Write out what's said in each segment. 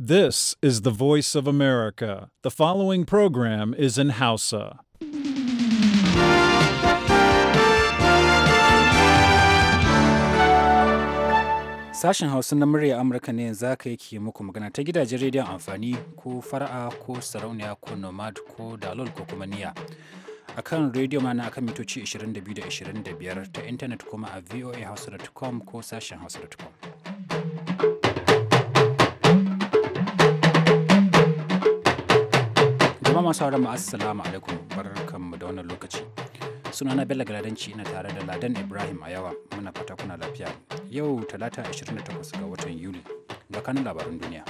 This is the voice of America. The following program is in Hausa. Sashen Hausa na murya Amurka ne yanzu aka yake muku magana ta gidajen rediyon amfani ko fara'a ko sarauniya ko nomad ko dalol ko kuma niya. a kan rediyo mana akan mitoci 22 da 25 ta intanet kuma a voahausa.com ko sashen hausa.com. Jama'a masu hauren mu assalamu alaikum barkanmu da wannan lokaci. Sunana Bello Galadanci ina tare da Ladan Ibrahim a yawa muna fata kuna lafiya. Yau talata 28 ga watan Yuli ga kanin labarun duniya.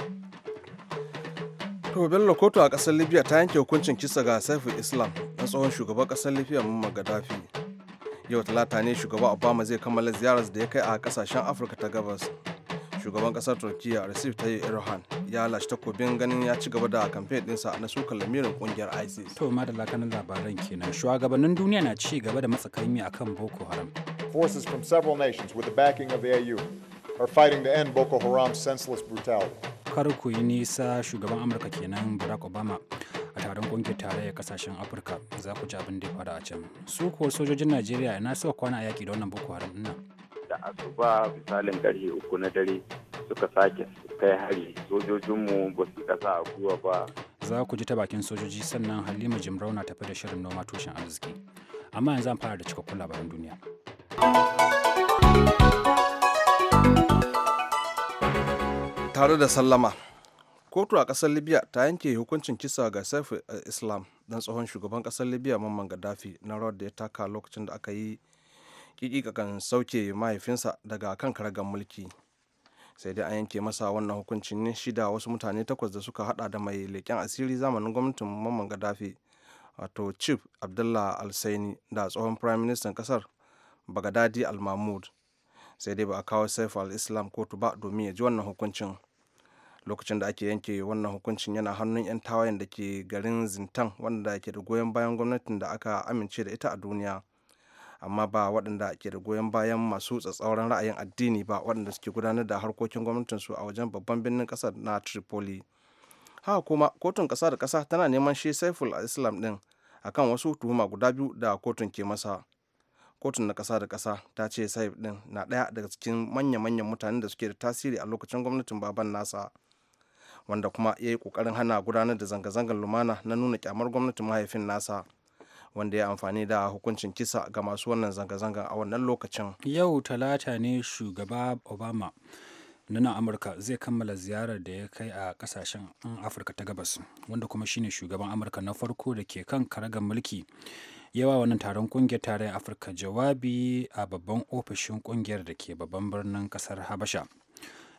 To Bello kotu a kasar Libya ta yanke hukuncin kisa ga Saifu Islam na tsohon shugaban kasar Libya muhammad Gaddafi. Yau talata ne shugaban Obama zai kammala ziyarar da ya kai a kasashen Afirka ta gabas shugaban kasar turkiya recep tayyip erdogan ya lashe takobin ganin ya ci gaba da kamfen dinsa na sukar lamirin kungiyar isis to ma da lakanin labaran kenan shugabannin duniya na ci gaba da a akan boko haram forces from several nations with the backing of the au are fighting to end boko haram's senseless brutality kar ku yi nisa shugaban amurka kenan barack obama a taron kungiyar tarayyar kasashen afirka za ku ci abin da ya faru a can su ko sojojin najeriya na suka kwana a yaki da wannan boko haram nan da asuba misalin karfe uku na dare suka sake kai hari sojojinmu ba su kasa a guwa ba za ku ji ta bakin sojoji sannan halima jimrau na tafi da shirin noma tushen arziki amma yanzu an fara da cikakkun labaran duniya tare da sallama kotu a kasar libya ta yanke hukuncin kisa ga saifu islam dan tsohon shugaban kasar libya mamman gaddafi na rawar da ya taka lokacin da aka yi kikika kan sauke mahaifinsa daga kan karagar mulki sai dai an yanke masa wannan hukuncin shida wasu mutane takwas da suka hada da mai leƙen asiri zamanin gwamnatin mamman gaddafi wato chief abdullah alsaini da tsohon prime minister kasar bagadadi al-mahmud sai dai ba a kawo saif al-islam kotu ba domin ya ji wannan hukuncin lokacin da ake yanke wannan hukuncin yana hannun 'yan tawayen da ke garin zintan wanda ke da goyon bayan gwamnatin da aka amince da ita a duniya amma ba waɗanda ke da goyon bayan masu tsatsauran ra'ayin addini ba waɗanda suke gudanar da harkokin gwamnatinsu a wajen babban birnin ƙasar na tripoli haka kuma kotun ƙasa da ƙasa tana neman shi saiful islam ɗin akan wasu tuhuma guda biyu da kotun ke masa kotun na ƙasa da ƙasa ta ce saif ɗin na ɗaya daga cikin manya-manyan mutanen da suke da tasiri a lokacin gwamnatin baban nasa wanda kuma ya yi ƙoƙarin hana gudanar da zanga-zangar lumana na nuna kyamar gwamnatin mahaifin nasa wanda ya amfani da hukuncin kisa ga masu wannan zanga-zangar a wannan lokacin yau talata ne shugaba obama na nan amurka zai kammala ziyarar da ya kai a kasashen afirka ta gabas wanda kuma shine shugaban amurka na farko da ke kan karagar mulki yawa wannan taron kungiyar tarayyar afirka jawabi a babban ofishin kungiyar da ke babban birnin kasar habasha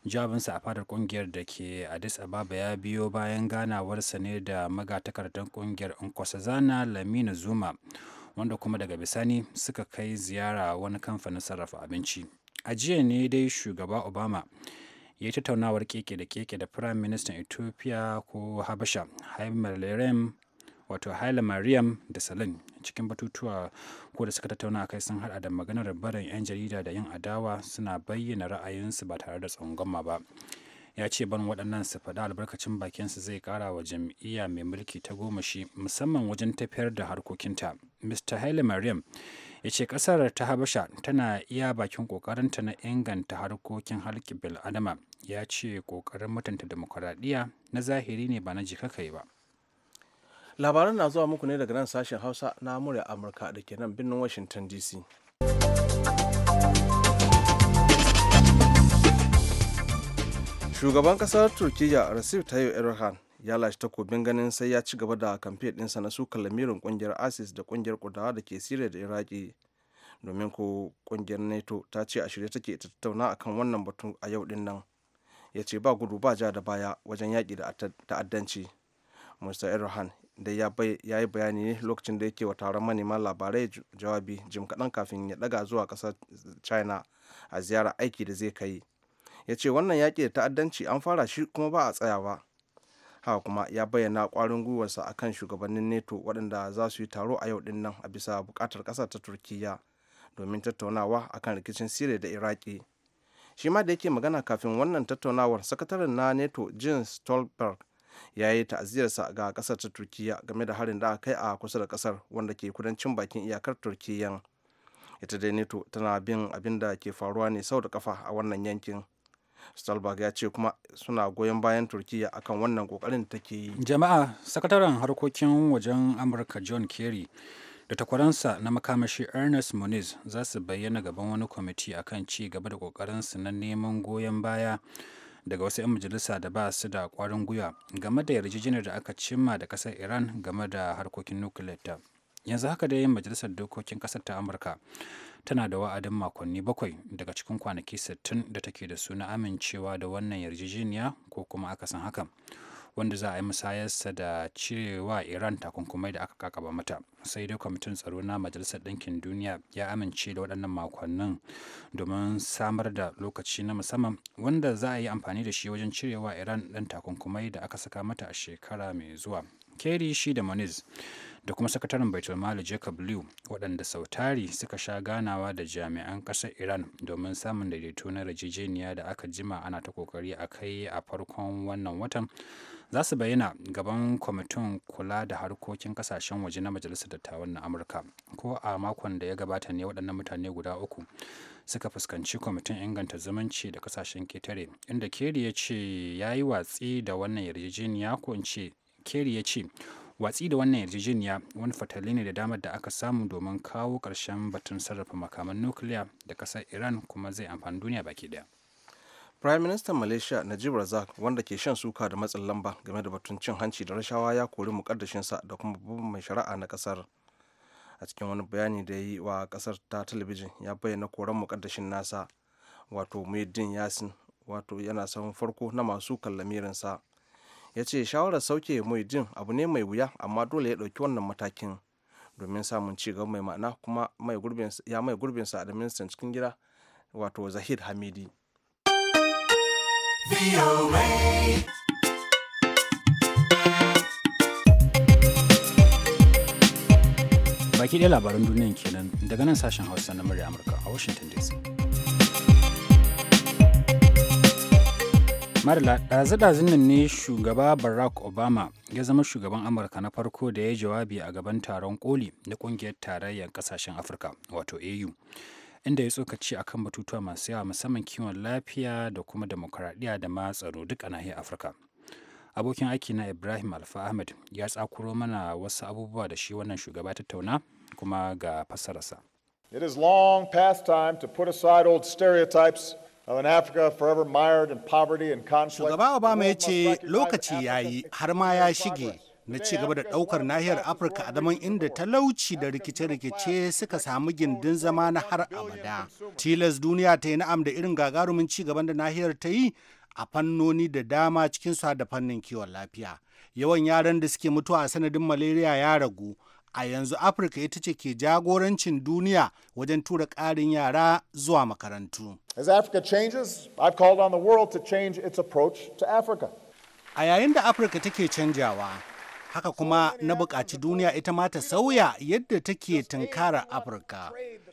jawabinsa a fadar kungiyar da ke addis ababa ya biyo bayan ganawarsa ne da magatakardan kungiyar nkosazana lamina zuma wanda kuma daga bisani suka kai ziyara wani kamfanin sarrafa abinci a jiya ne dai shugaba obama ya yi tattaunawar keke da keke da firayim ministan ethiopia ko habasha haimar lerem wato haile mariam da salim cikin batutuwa ko da suka tattauna a kai sun hada da maganar barin 'yan jarida da yin adawa suna bayyana ra'ayinsu ba tare da tsangwama ba ya ce ban waɗannan su faɗa albarkacin bakinsu zai kara wa jam'iyya mai mulki ta goma shi musamman wajen tafiyar da harkokinta mr haile mariam ya ce ƙasar ta habasha tana iya bakin ƙoƙarinta na inganta harkokin harki bil'adama ya ce ƙoƙarin mutunta demokuraɗiyya na zahiri ne ba na jikakai ba labaran na zuwa muku ne daga nan sashen hausa na murya amurka da ke nan birnin washington dc shugaban kasar turkiyya recep tayyip erdogan ya lashe takobin ganin sai ya ci gaba da kamfe ɗinsa na su lamirin kungiyar isis da kungiyar kudawa da ke siriya da iraki domin ko kungiyar nato ta ce a shirye take ta tattauna akan wannan batun a yau din nan ya ce ba gudu ba ja da baya wajen yaƙi da ta'addanci mr erdogan da ya yi bayani ne lokacin da yake wa taron manema labarai jawabi jim kaɗan kafin ya ɗaga zuwa ƙasar china a ziyara aiki da zai kai ya ce wannan yaƙi da ta'addanci an fara shi kuma ba a tsayawa haka kuma ya bayyana ƙwarin gwiwarsa a kan shugabannin neto waɗanda za su yi taro a yau dinnan a bisa buƙatar ƙasa ta turkiya domin tattaunawa a kan rikicin siriya da iraki shi ma da yake magana kafin wannan tattaunawar sakataren na neto jens stolberg ya yi ta'aziyarsa ga kasar ta turkiya game da harin da aka kai a kusa da kasar wanda ke kudancin bakin iyakar turkiya ita dai neto tana bin abin da ke faruwa ne sau da kafa a wannan yankin Stolberg ya ce kuma suna goyon bayan Turkiyya akan wannan kokarin da take yi. Jama'a, sakataren harkokin wajen Amurka John Kerry da takwaransa na makamashi Ernest Moniz za su bayyana gaban wani kwamiti akan ci gaba da kokarinsu na neman goyon baya daga wasu 'yan majalisa da ba su da kwarin gwiwa game da yarjejeniyar da aka cimma da kasar iran game da harkokin nukiliyarta yanzu haka dai majalisar dokokin kasar ta amurka tana da wa'adin makonni bakwai daga cikin kwanaki 60 da take da su na amincewa da wannan yarjejeniya ko kuma akasin hakan. haka wanda za a yi musayarsa da cirewa iran takunkumai da aka kakaba mata sai dai kwamitin tsaro na majalisar ɗinkin duniya ya amince da waɗannan makonnin domin samar da lokaci na musamman wanda za a yi amfani da shi wajen cirewa iran ɗan takunkumai da aka saka mata a shekara mai zuwa kerry shi da moniz da kuma sakataren baitul mali jacob liu waɗanda sautari suka sha ganawa da jami'an ƙasar iran domin samun daidaito na rajijeniya da aka jima ana ta kokari a kai a farkon wannan watan za su bayyana gaban kwamitin kula da harkokin kasashen waje na majalisar dattawan na amurka ko a makon da ya gabata ne waɗannan mutane guda uku suka fuskanci kwamitin inganta zumunci da kasashen ketare inda keri ya ce ya yi watsi da wannan yarjejeniya ko in ce keri ya ce watsi da wannan yarjejeniya wani fatali ne da damar da aka samu domin kawo ƙarshen batun sarrafa makaman nukiliya da ƙasar iran kuma zai amfani duniya baki ɗaya. Prime Minister Malaysia Najib Razak wanda ke shan suka da matsin lamba game da batun cin hanci da rashawa ya kori mukaddashinsa da kuma babban mai shari'a na kasar. A cikin wani bayani da ya yi wa kasar ta talabijin ya bayyana koran mukaddashin nasa wato Muhyiddin Yasin wato yana sahun farko na masu kallamirinsa. Ya ce shawarar sauke Muhyiddin abu ne mai wuya amma dole ya ɗauki wannan matakin domin samun ci gaba mai ma'ana kuma ya mai gurbinsa da ministan cikin gida wato Zahid Hamidi. VOA Baki ɗaya labaran duniyan kenan daga nan sashen Hausa na murya Amurka a Washington DC. Marla, ɗazi ɗazun nan ne shugaba Barack Obama ya zama shugaban Amurka na farko da ya jawabi a gaban taron koli na ƙungiyar tarayyar ƙasashen Afirka, wato AU. inda ya tsokaci akan batutuwa masu yawa musamman kiwon lafiya da kuma demokuraɗiyya da ma tsaro duk a nahiyar afirka abokin aiki na ibrahim alfa ahmed ya tsakuro mana wasu abubuwa da shi wannan shugaba tattauna kuma ga fassararsa It is long past time to put aside old stereotypes of an Africa poverty and conflict. Shugaba Obama ya ce lokaci ya yi har ma ya shige na ci gaba da ɗaukar nahiyar Afirka a zaman inda talauci da rikice-rikice suka samu gindin zama na har abada. Tilas duniya ta yi na'am da irin gagarumin ci gaban da nahiyar ta yi a fannoni da dama cikin su da fannin kiwon lafiya. Yawan yaran da suke mutuwa a sanadin malaria ya ragu. A yanzu Afirka ita ce ke jagorancin duniya wajen tura ƙarin yara zuwa makarantu. As Africa changes, called change its approach to Africa. A yayin da Afirka take canjawa, haka kuma na buƙaci duniya ita ma ta sauya yadda take tunkarar afirka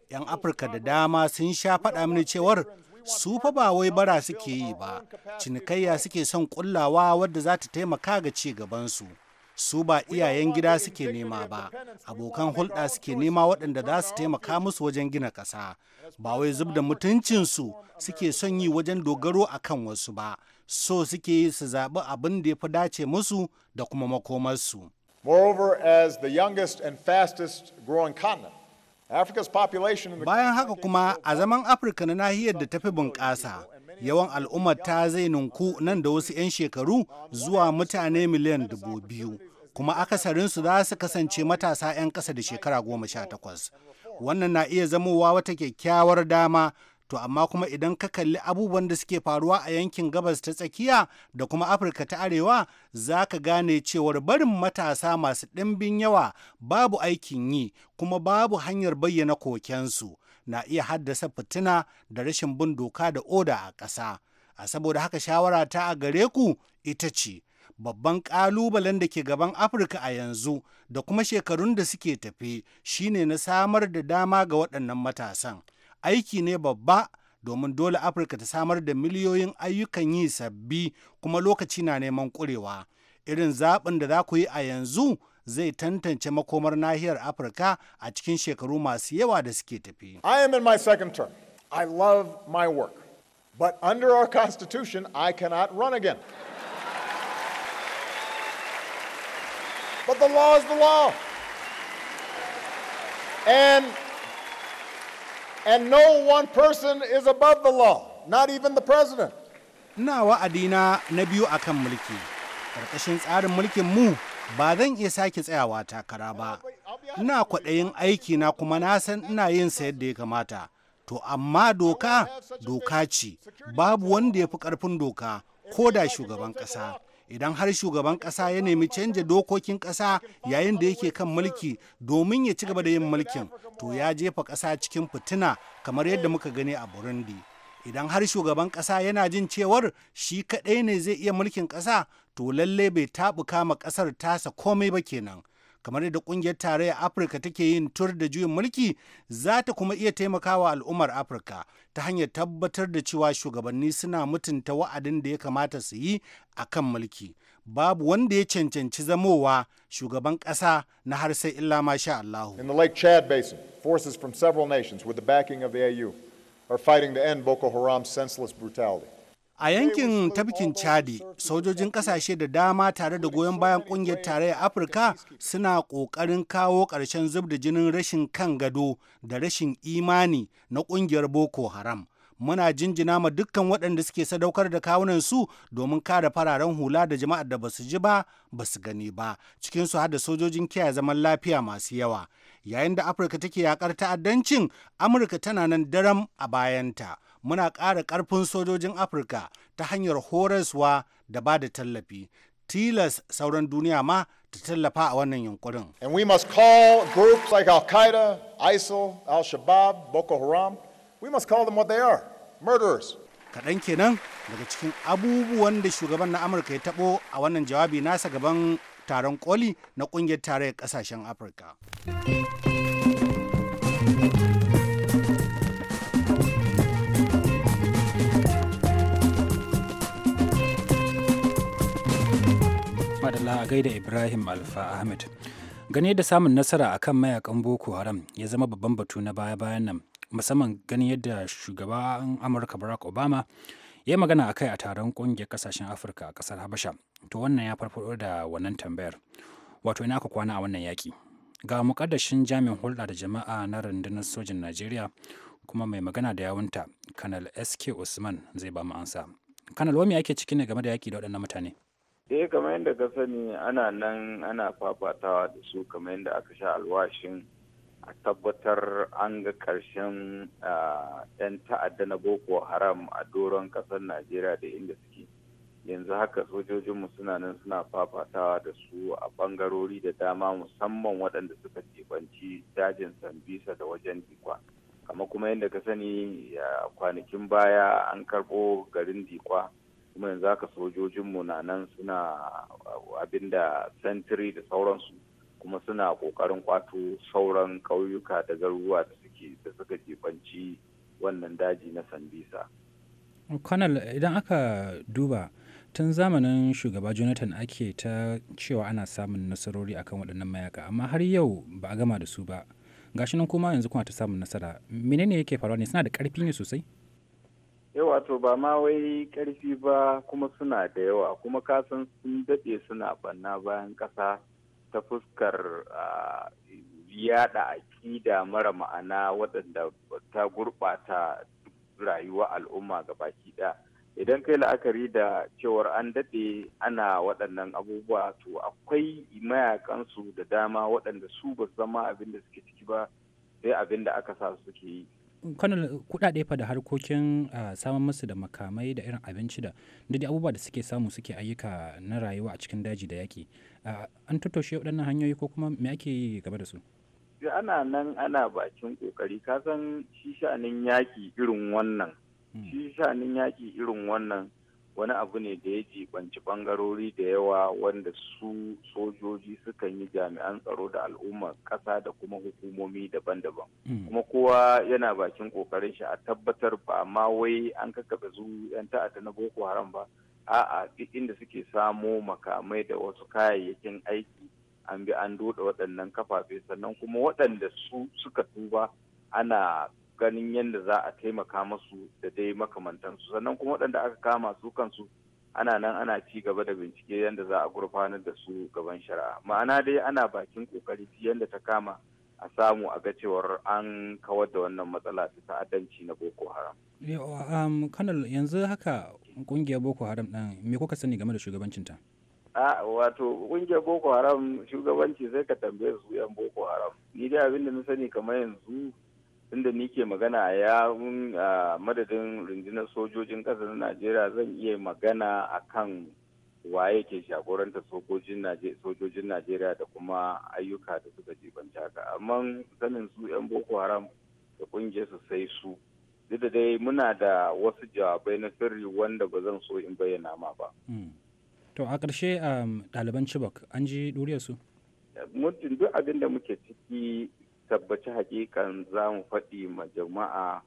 'yan afirka da dama sun sha faɗa mini cewar su fa ba wai bara suke yi ba cinikayya suke son kullawa wadda za ta taimaka ga ci gabansu su ba iyayen gida suke nema ba abokan hulɗa suke nema waɗanda za su taimaka musu wajen gina ƙasa ba wai zub da mutuncinsu suke son yi wajen dogaro akan wasu ba so suke yi su zaɓi abin da ya fi dace musu da kuma makomarsu. Moreover, as the youngest and fastest growing continent, Africa's population Bayan haka kuma a zaman Afirka na nahiyar da tafi bunƙasa, yawan al'ummar ta zai ninku nan da wasu 'yan shekaru zuwa mutane miliyan dubu biyu, kuma akasarinsu za su kasance matasa 'yan ƙasa da shekara goma sha takwas. Wannan na iya zamowa wata kyakkyawar dama to amma kuma idan ka kalli abubuwan da suke faruwa a yankin gabas ta tsakiya da kuma afirka ta arewa za ka gane cewar barin matasa masu ɗimbin yawa babu aikin yi kuma babu hanyar bayyana kokensu na iya haddasa fitina da rashin bin doka da oda a ƙasa a saboda haka shawara ta a gare ku ita ce babban ƙalubalen da ke gaban afirka a yanzu da kuma shekarun da suke tafe shine na samar da dama ga waɗannan matasan aiki ne babba domin dole afirka ta samar da miliyoyin ayyukan yi sabbi kuma lokaci na neman kurewa irin zaɓin da za ku yi a yanzu zai tantance makomar nahiyar afirka a cikin shekaru masu yawa da suke tafi i am in my second term i love my work but under our constitution i cannot run again but the law is the law and And no one person is above the law, not even the president. Ina wa'adina na biyu a kan mulki. Ƙarƙashin tsarin mulkin mu ba zan iya sake tsayawa takara ba. Ina kwaɗayin aiki na kuma na san ina yin sa yadda ya kamata. To amma doka, doka ce, babu wanda ya fi ƙarfin doka ko da shugaban ƙasa. idan har shugaban ƙasa ya nemi canja dokokin ƙasa yayin da yake kan mulki domin ya ci gaba da yin mulkin to ya jefa ƙasa cikin fitina kamar yadda muka gani a burundi idan har shugaban ƙasa yana jin cewar shi kaɗai ne zai iya mulkin ƙasa to lallai bai taɓuka ma ƙasar tasa komai ba kenan kamar yadda kungiyar tarayyar afirka take yin tur da juyin mulki za ta kuma iya taimakawa al'ummar afirka ta hanyar tabbatar da cewa shugabanni suna mutunta wa'adin da ya kamata su yi a kan mulki babu wanda ya cancanci zamowa shugaban ƙasa na har sai illa ma Allahu. In the Lake Chad Basin, forces from several nations with the backing of the AU are fighting to end Boko haram senseless brutality. A yankin tafkin Chadi, sojojin kasashe da dama tare da goyon bayan kungiyar tarayyar Afirka suna ƙoƙarin kawo ƙarshen zub da jinin rashin kan gado da rashin imani na kungiyar Boko Haram. Muna jinjina ma dukkan waɗanda suke sadaukar da kawunan su domin kare fararen hula da jama'ar da basu ji ba, basu gani ba, cikinsu har da sojojin kiyaye zaman lafiya masu yawa. Yayin da Afirka take yakar ta'addancin, Amurka tana nan daram a bayanta. muna ƙara ƙarfin sojojin afirka ta hanyar horaswa da ba da tallafi tilas sauran duniya ma ta tallafa a wannan yunkurin. And we must call groups like Al-Qaeda, ISIL, Al-Shabaab, Boko Haram, we must call them what they are, murderers. Kaɗan kenan daga cikin abubuwan da shugaban na Amurka ya tabo a wannan jawabi nasa gaban taron koli na ƙungiyar tarayyar ƙasashen Afirka. madala gaida ibrahim alfa ahmed gani da samun nasara akan mayakan boko haram ya zama babban batu na baya-bayan nan musamman ganin yadda shugaban amurka barack obama ya yi magana a kai a taron kungiyar kasashen afirka a kasar habasha to wannan ya farfaɗo da wannan tambayar wato ina ka kwana a wannan yaki ga mukaddashin jami'in hulɗa da jama'a na rundunar sojin najeriya kuma mai magana da yawunta kanal sk usman zai ba mu ansa kanal wami ake ciki ne game da yaki da waɗannan mutane eh kamar yadda ka sani ana nan ana fafatawa da su kamar yadda aka sha alwashin a tabbatar an ga ƙarshen 'yan ta'adda na boko haram a doron ƙasar najeriya da inda suke yanzu haka sojojinmu suna nan suna fafatawa da su a bangarori da dama musamman waɗanda suka jibanci dajin sambisa da wajen dikwa kama kuma yadda ka sani kwanakin baya an karɓo garin dikwa kuma yanzu haka sojojinmu na nan suna uh, abin da sentiri da sauransu kuma suna kokarin kwato sauran ƙauyuka da garuruwa da suke da suka jibanci wannan daji na sandisa. Colonel idan aka duba tun zamanin shugaba jonathan ake ta cewa ana samun nasarori akan waɗannan mayaka amma har yau ba a gama da su ba gashinan nan kuma yanzu kuma ta samun nasara menene yake faruwa ne suna da ƙarfi ne sosai yawa to ba ma wai karfi ba kuma suna da yawa kuma kasan sun daɗe suna banna bayan ƙasa ta fuskar yada akida mara ma'ana waɗanda ta gurɓata rayuwa al'umma ga baki ɗaya idan kai la'akari da cewar an daɗe ana waɗannan abubuwa to akwai mayakansu da dama waɗanda su ba zama abin da suke ciki ba sai abin da aka sa suke yi kwanan kudade fa da harkokin samun musu da makamai da irin abinci da da abubuwa da suke samu suke ayyuka na rayuwa a cikin daji da yaki an tattoshe waɗannan hanyoyi ko kuma me ake yi gaba da su ana nan ana bakin kokari kasan san shi yaki irin wannan hmm. shi sha'anin yaki irin wannan wani abu ne da ya jibanci bangarori da yawa wanda su sojoji sukan yi jami'an tsaro da al'umma ƙasa da kuma hukumomi daban-daban hmm. kuma kowa yana bakin ƙoƙarin shi a tabbatar ba ma wai an kakkaɓe su 'yan ta'adda na boko haram ba a'a duk inda suke samo makamai da wasu kayayyakin aiki an bi an dode waɗannan kafafe sannan kuma waɗanda su suka tuba ana ganin yadda za a taimaka masu da dai makamantansu sannan kuma waɗanda aka kama su kansu ana nan ana ci gaba da bincike yadda za a gurfanar da su gaban shari'a ma'ana dai ana bakin kokari yadda ta kama a samu a ga cewar an kawar da wannan matsala ta ta'addanci na boko haram kanal um, yanzu haka kungiyar boko haram ɗin me kuka sani game da shugabancinta a wato kungiyar boko haram shugabanci sai ka tambaye su yan boko haram ni dai abinda da na sani kamar yanzu inda ni ke magana a yawun madadin rundunar sojojin kasar najeriya zan iya magana a kan waye ke shagoranta sojojin najeriya da kuma ayyuka da suka jibanta ka amma sanin su 'yan boko haram da kungiyar su sai su duk da dai muna da wasu jawabai na sirri wanda ba zan so in bayyana ma ba hmm. to a ƙarshe um, ɗaliban chibok an ji duriyar su muddin duk abin da muke ciki tabbaci hakikan za mu faɗi ma jama'a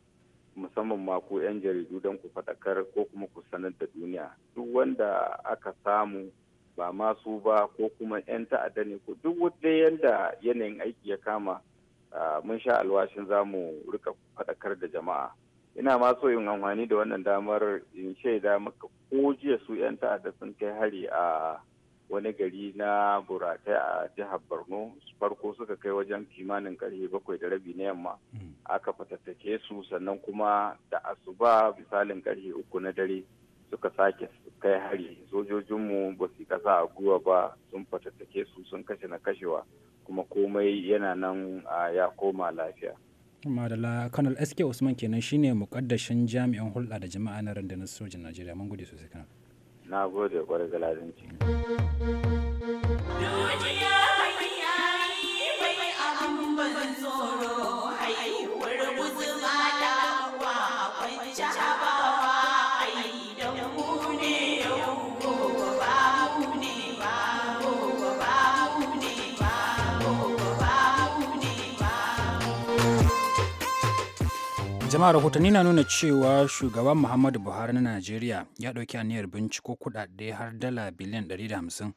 musamman ma ko 'yan jaridu don ku faɗakar ko kuma ku sanar da duniya duk wanda aka samu ba masu ba ko kuma 'yan ta'adda ne ko duk wanda yadda yanayin aiki ya kama mun sha alwashin za mu rika faɗakar da jama'a ina ma so yin amfani da wannan damar in shaida maka ko jiya su 'yan ta'adda sun kai hari a wani gari na buratai a jihar borno farko suka kai wajen kimanin karfe bakwai da rabi na yamma hmm. aka fatattake su sannan kuma da asuba misalin karfe uku na dare suka sake kai hari sojojinmu ba su kasa a guwa ba sun fatattake su sun kashe na kashewa kuma komai yana nan ya koma lafiya madala kanal sk usman kenan shine mukaddashin jami'an hulɗa da jama'a na rundunar sojin najeriya mun gode sosai kanal na gode kwarai galazinci duniya mai yayi mai abun ban tsoro jama'a rahotanni na nuna cewa shugaban muhammadu buhari na najeriya ya ɗauki aniyar binciko kuɗaɗe har dala biliyan 150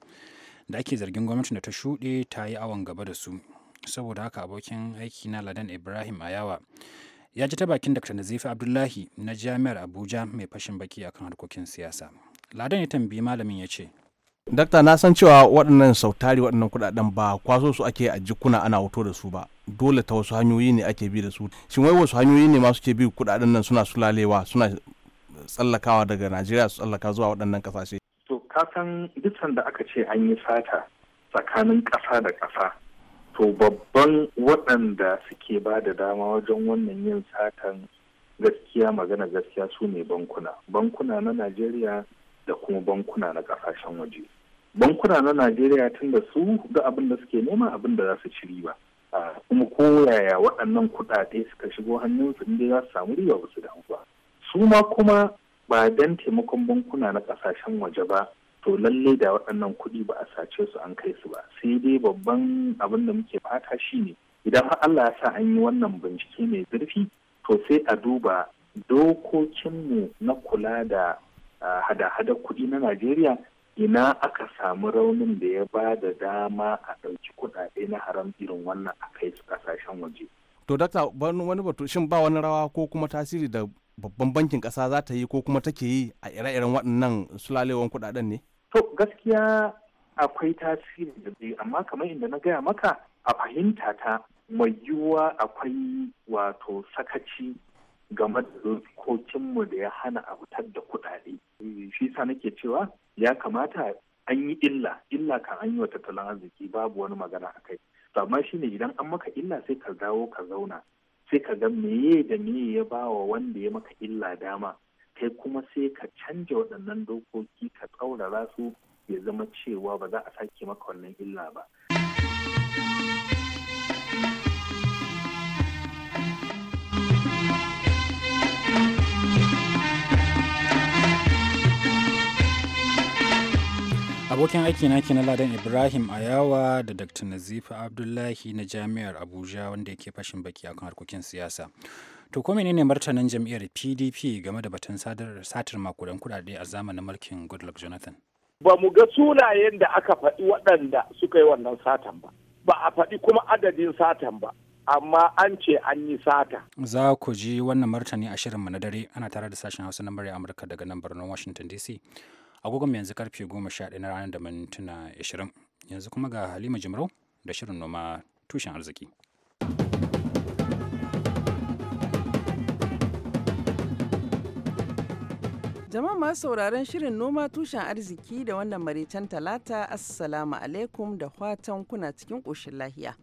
da ake zargin gwamnati da ta shuɗe ta yi awon gaba da su saboda haka abokin aiki na ladan ibrahim ayawa ya ji ta bakin dr nazifi abdullahi na jami'ar abuja mai fashin baki akan harkokin siyasa ladan ya tambayi malamin ya ce dakta na san cewa waɗannan sautari waɗannan kuɗaɗen ba kwaso su ake a jikuna ana wuto da su ba dole ta wasu hanyoyi ne ake bi da su shin wai wasu hanyoyi ne masu ke bi kuɗaɗen nan suna sulalewa suna tsallakawa daga najeriya su tsallaka zuwa waɗannan ƙasashe. to kasan duk da aka ce an yi sata tsakanin ƙasa da ƙasa to babban waɗanda suke ba da dama wajen wannan yin satan gaskiya magana gaskiya su ne bankuna bankuna na najeriya da kuma bankuna na kasashen waje bankuna na najeriya tun da su ga abin da suke nema abin da za su ci riba kuma yaya waɗannan kuɗaɗe suka shigo su inda za su samu riba ba su damu su ma kuma ba dan taimakon bankuna na kasashen waje ba to lalle da waɗannan kuɗi ba a sace su an kai su ba sai dai babban abin da muke fata shi ne idan har Allah ya sa an yi wannan bincike mai zurfi to sai a duba dokokinmu na kula da hada hada kuɗi na najeriya ina aka samu raunin da ya ba da dama a ɗauki kuɗaɗe na haram irin wannan a kai su ƙasashen waje to dakta wani batu shin ba wani rawa ko kuma tasiri da babban bankin ƙasa za ta yi ko kuma take yi a ire-iren waɗannan sulalewan kuɗaɗen ne to gaskiya akwai tasiri da zai amma kamar inda na gaya maka a fahimta ta mai yiwuwa akwai wato sakaci game da dokokinmu da ya hana a fitar da kuɗaɗe. Shi sa nake cewa ya kamata an yi illa, illa kan an yi wa tattalin arziki babu wani magana a kai. Amma shi ne idan an maka illa sai ka dawo ka zauna, sai ka ga meye da meye ya ba wa wanda ya maka illa dama, kai kuma sai ka canja waɗannan dokoki ka tsaurara su ya zama cewa ba za a sake maka wannan illa ba. abokin aiki na ke na ladan ibrahim ayawa da dr nazifa abdullahi na jami'ar abuja wanda yake fashin baki akan harkokin siyasa to ko menene martanin jam'iyyar pdp game da batun satar makudan kudade a zamanin mulkin goodluck jonathan ba mu ga sunayen da aka faɗi waɗanda suka yi wannan satan ba ba a faɗi kuma adadin satan ba amma an ce an yi sata. Za ku ji wannan martani a shirinmu na dare ana tare da sashen Hausa na murya Amurka daga nan birnin Washington DC. agogon yanzu karfe 11 na ranar da mintuna 20 yanzu kuma ga halima jimrau da shirin noma tushen arziki jama'a masu sauraron shirin noma tushen arziki da wannan maraicen talata assalamu alaikum da fatan kuna cikin ƙoshin lahiya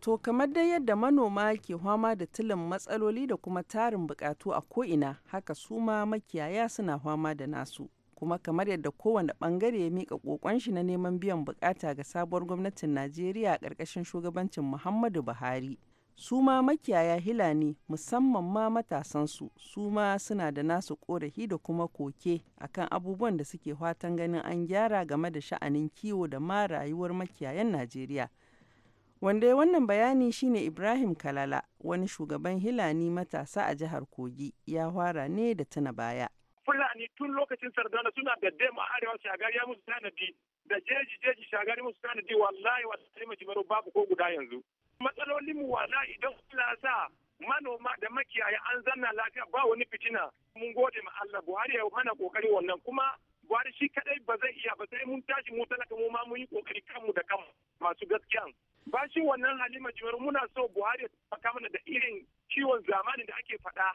to kamar dai yadda manoma ke fama da tilin matsaloli da kuma tarin bukatu a ko'ina haka su ma makiyaya suna fama da nasu kuma kamar yadda kowane bangare ya mika kokon shi na neman biyan bukata ga sabuwar gwamnatin Najeriya a ƙarƙashin shugabancin Muhammadu Buhari. Su ma makiyaya Hilani musamman ma matasansu su ma suna da nasu korafi da kuma koke akan abubuwan da suke fatan ganin an gyara game da sha'anin kiwo da ma rayuwar makiyayan Najeriya. Wanda ya wannan bayani shine Ibrahim Kalala, wani shugaban Hilani matasa a jihar Kogi, ya fara ne da tuna baya. fulani tun lokacin sardana suna da a arewa shagari ya musu tanadi da jeji jeji shagari musu tanadi wallahi wallahi maro babu ko guda yanzu matsalolin mu wala idan kula sa manoma da makiyaya an zanna lafiya ba wani fitina mun gode ma Allah Buhari ya mana kokari wannan kuma Buhari shi kadai ba zai iya ba sai mun tashi mu talaka mu ma mun yi kokari kanmu da kanmu masu gaskiya. ba shi wannan Halima Jimaru muna so Buhari ya taimaka mana da irin ciwon zamanin da ake faɗa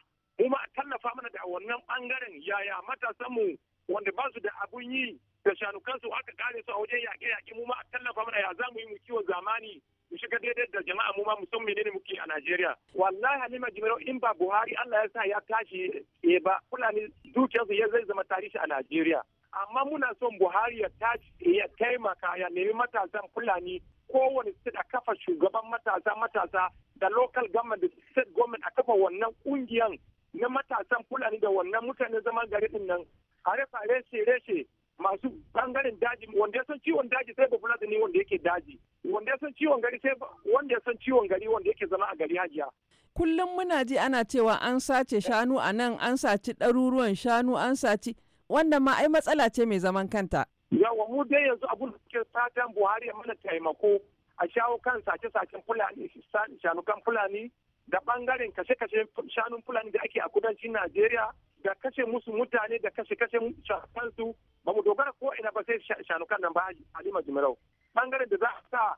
mu a tallafa mana da wannan bangaren yaya matasanmu wanda ba su da abun yi da shanukansu aka kare su a wajen yaƙe-yaƙe mu ma a tallafa mana ya za mu yi mu kiwon zamani mu shiga daidai da jama'a mu ma mu san menene muke a Najeriya. Wallahi Halima Jimiro in ba Buhari Allah ya sa ya tashi e ba Fulani dukiyarsu ya zai zama tarihi a Najeriya. Amma muna son Buhari ya tashi ya taimaka ya nemi matasan Fulani kowane state a kafa shugaban matasa matasa da local government da state government a kafa wannan kungiyan na matasan fulani da wannan mutane zaman gari din nan hare reshe masu bangaren daji wanda ya san ciwon daji sai ba fulani wanda yake daji wanda ya san ciwon gari sai wanda ya san ciwon gari wanda yake zama a gari hajiya kullum muna ji ana cewa an sace shanu a nan an saci ɗaruruwan shanu an saci wanda ma ai matsala ce mai zaman kanta yawa mu dai yanzu abun da ke satan buhari ya mana taimako a shawo kan sace-sacen fulani shanukan fulani da ɓangaren kashe-kashe shanun fulani da ake a kudancin najeriya da kashe musu mutane da kashe-kashe fansu, ba mu dogara ko ina ba sai shanu kan nan ba halima jimarau bangaren da za a sa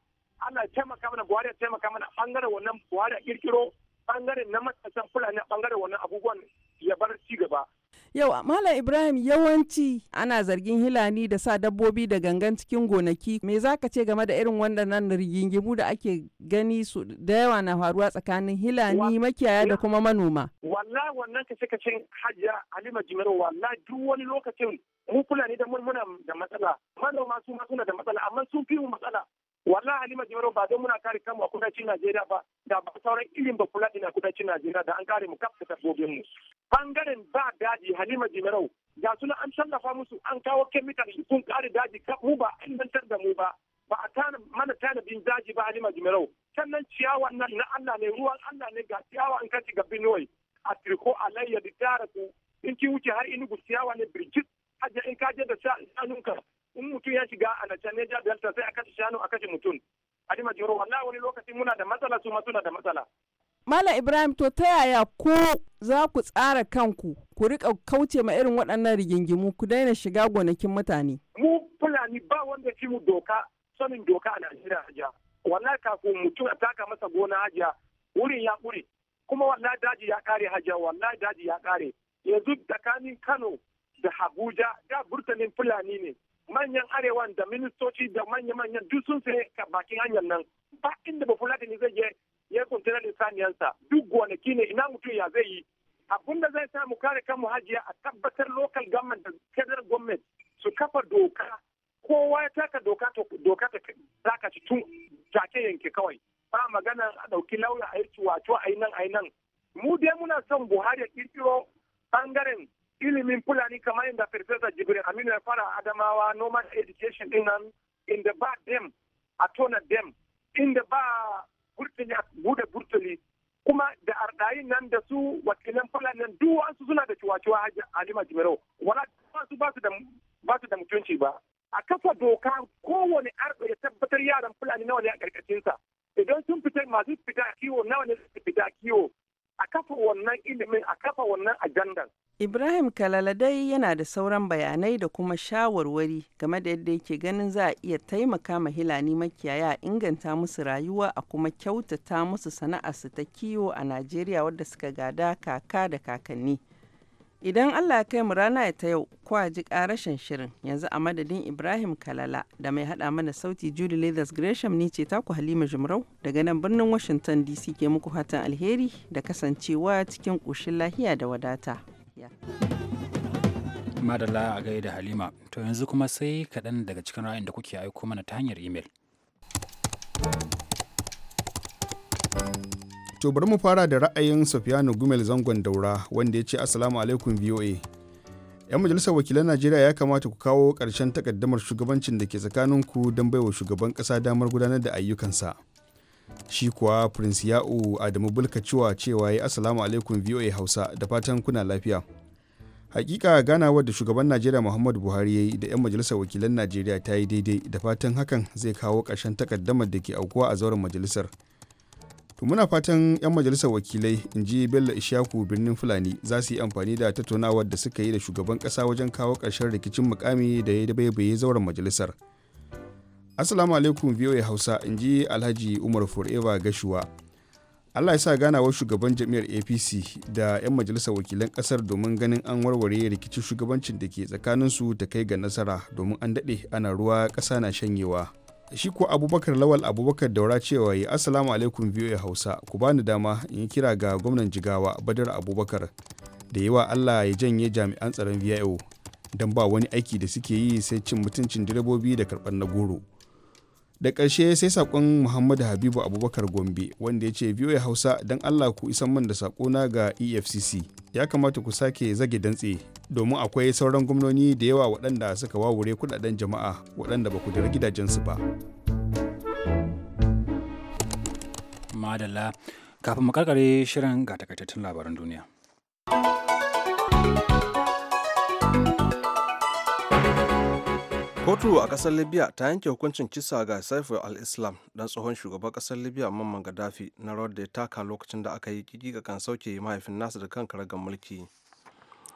ana taimaka mana buhari a taimaka mana bangaren wannan buhari a kirkiro bangaren na matasan fulani a bangaren wannan abubuwan ya bar ci gaba Yau, Malam Ibrahim yawanci ana zargin Hilani da sa dabbobi da gangan cikin gonaki. Me za ka ce game da irin waɗannan rigingimu da ake gani su da yawa na faruwa tsakanin Hilani makiyaya da kuma manoma? Walla wannan ka kacin hajiya Halima Jimiro walla duk wani lokacin mu Fulani da murmuna da matsala. Manoma su ma suna da matsala amma sun fi mu matsala. wallahi halima jimaro ba don muna kare kanmu a kudancin najeriya ba da ba sauran irin ba kula a kudancin najeriya da an kare mu kafa dabbobin mu bangaren ba daji halima jimaro ga suna an tallafa musu an kawo kemikal sun kare daji mu ba an da mu ba ba a mana tanadin daji ba halima jimaro sannan ciyawa nan na allah ne ruwan allah ne ga ciyawa an kaci ga binoy a tirko alayya da tara su in ki wuce har inugu ciyawa ne birjit aje in kaje da shanunka in mutum ya shiga a nacan jihar Delta sai a kashe shanu a kashe mutum. Adima Jiro wallahi wani lokaci muna da matsala su ma da matsala. Malam Ibrahim to ta yaya ko za ku tsara kanku ku rika kauce ma irin waɗannan rigingimu ku daina shiga gonakin mutane. Mu Fulani ba wanda ci mu doka sanin doka a Najeriya hajiya. Wallahi kafin mutum a taka masa gona hajiya wurin ya ƙure kuma wallahi daji ya ƙare hajiya wallahi daji ya ƙare. Yanzu tsakanin Kano da Habuja, da burtanin Fulani ne manyan arewa da ministoci da manya-manyan duk sun sai bakin hanyar nan ba inda ba ne zai je ya da lissaniyansa duk gonaki ne ina mutum ya zai yi abin da zai samu kare kanmu hajiya a tabbatar local government da federal government su kafa doka kowa ya taka doka to doka ta taka ci tun take yanke kawai ba magana a dauki lauya a yi ciwato a yi nan a yi nan population din nan inda ba dem a tona in inda ba burtuli a bude burtuli kuma da arɗayin nan da su wakilan nan duk wasu suna da a halima jimero Kalala dai yana da sauran bayanai da kuma shawarwari game da yadda yake ganin za a iya taimaka ma Hilani makiyaya a inganta musu rayuwa a kuma kyautata musu sana'arsu ta kiwo a Najeriya wadda suka gada kaka da kakanni. Idan Allah ya kai mu rana ya ta yau, ko a ji rashin shirin yanzu a madadin Ibrahim Kalala da mai haɗa mana sauti Julie Leathers Gresham ni ce taku Halima Jumrau daga nan birnin Washington DC ke muku hatan alheri da kasancewa cikin ƙoshin lahiya da wadata. Yeah. madalla a gaida halima to yanzu kuma sai kaɗan daga cikin ra'ayin da kuke aiko mana ta hanyar imel to bari mu fara da ra'ayin safiyanu gumel zangon daura wanda ya ce assalamu alaikum voa yan majalisar wakilan najeriya ya kamata ku kawo ƙarshen takaddamar shugabancin da ke tsakanin tsakaninku don baiwa shugaban ƙasa damar gudanar da ayyukansa shi kuwa prince ya'u adamu bulkacewa cewa ya assalamu alaikum voa hausa da fatan kuna lafiya hakika ganawar da shugaban najeriya muhammadu buhari ya yi da 'yan majalisar wakilan najeriya ta yi daidai da fatan hakan zai kawo ƙarshen takaddamar da ke aukuwa a zauren majalisar to muna fatan 'yan majalisar wakilai in ji bello ishaku birnin fulani za su yi amfani da tattaunawar da suka yi da shugaban ƙasa wajen kawo ƙarshen rikicin mukami da ya dabaibaye zauren majalisar assalamu alaikum voa hausa in ji alhaji umar forever gashuwa Allah ya sa ganawar shugaban jami'ar APC da 'yan majalisar wakilan kasar domin ganin an warware rikicin shugabancin da ke tsakanin su ta kai ga nasara domin an daɗe ana ruwa ƙasa na shanyewa. Shi ko Abubakar Lawal Abubakar Daura cewa yi Assalamu alaikum ya Hausa ku bani dama in kira ga gwamnan Jigawa Badar Abubakar da yawa Allah ya janye jami'an tsaron VIO don ba wani aiki da suke yi sai cin mutuncin direbobi da karɓar na goro. da ƙarshe sai saƙon muhammadu habibu abubakar gombe wanda ya ce ya hausa don allah ku isan man da saƙona ga efcc ya kamata ku sake zage dantse domin akwai sauran gwamnoni da yawa waɗanda suka wawure kudaden jama'a waɗanda ba ku dira gidajensu ba madalla kafin mu karkare shirin ga takaitattun labaran duniya kotu a kasar libya ta yanke hukuncin kisa ga saifu al-islam dan tsohon shugaban kasar libya mamman gaddafi na rawar da ya taka lokacin da aka yi kiki kan sauke mahaifin nasa da kan karagar mulki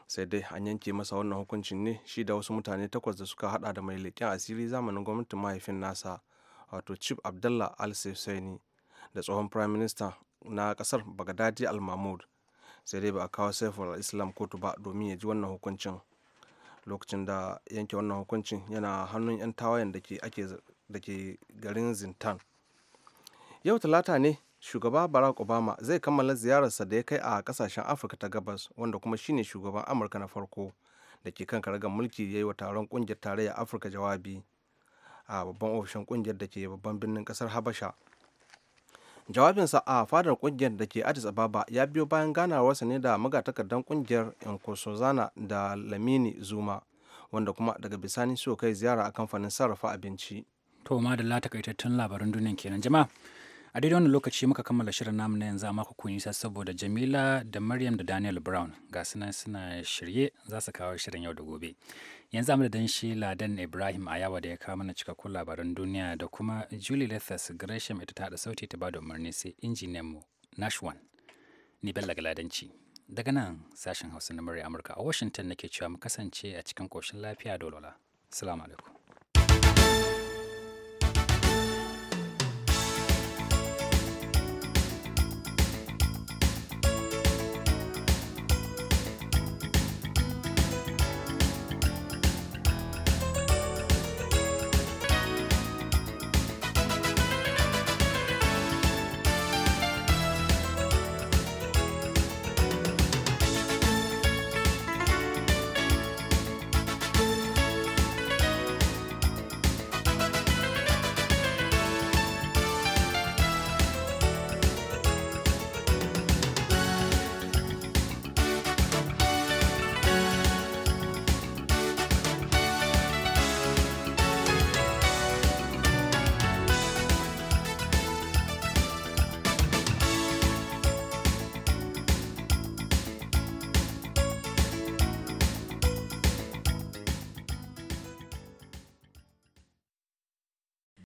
sai dai an yanke masa wannan hukuncin ne shi da wasu mutane takwas da suka hada da mai leƙen asiri zamanin gwamnatin mahaifin nasa wato chief abdallah al saini da tsohon prime minister na kasar bagadadi al-mahmud sai dai ba a kawo saifu al-islam kotu ba domin ya ji wannan hukuncin lokacin da yanke wannan hukuncin yana hannun 'yan tawayen da ke garin zintan yau talata ne shugaba barack obama zai kammala ziyararsa da ya kai a kasashen afirka ta gabas wanda kuma shine shugaban amurka na farko da ke kan karagar mulki ya yi wa taron kungiyar tarayyar afirka jawabi a babban ofishin kungiyar da ke babban birnin kasar habasha jawabinsa a fadar kungiyar da ke addis ababa ya biyo bayan ganawarsa ne da magatakardan kungiyar inkosozana da lamini zuma wanda kuma daga bisani so kai ziyara a kamfanin sarrafa abinci to ma da takaitattun labaran duniya kenan jama'a a daidai wani lokaci muka kammala shirin namu na yanzu mako kun nisa saboda jamila da maryam da daniel brown ga suna suna shirye za su kawo shirin yau da gobe yanzu amma da shi ladan ibrahim ayawa da ya kawo mana cikakkun labaran duniya da kuma julie lethers gresham ita ta da sauti ta bada umarni sai injiniyan mu nashwan ni bella ladanci daga nan sashen hausa na murya amurka a washington nake cewa mu kasance a cikin koshin lafiya da walwala salamu alaikum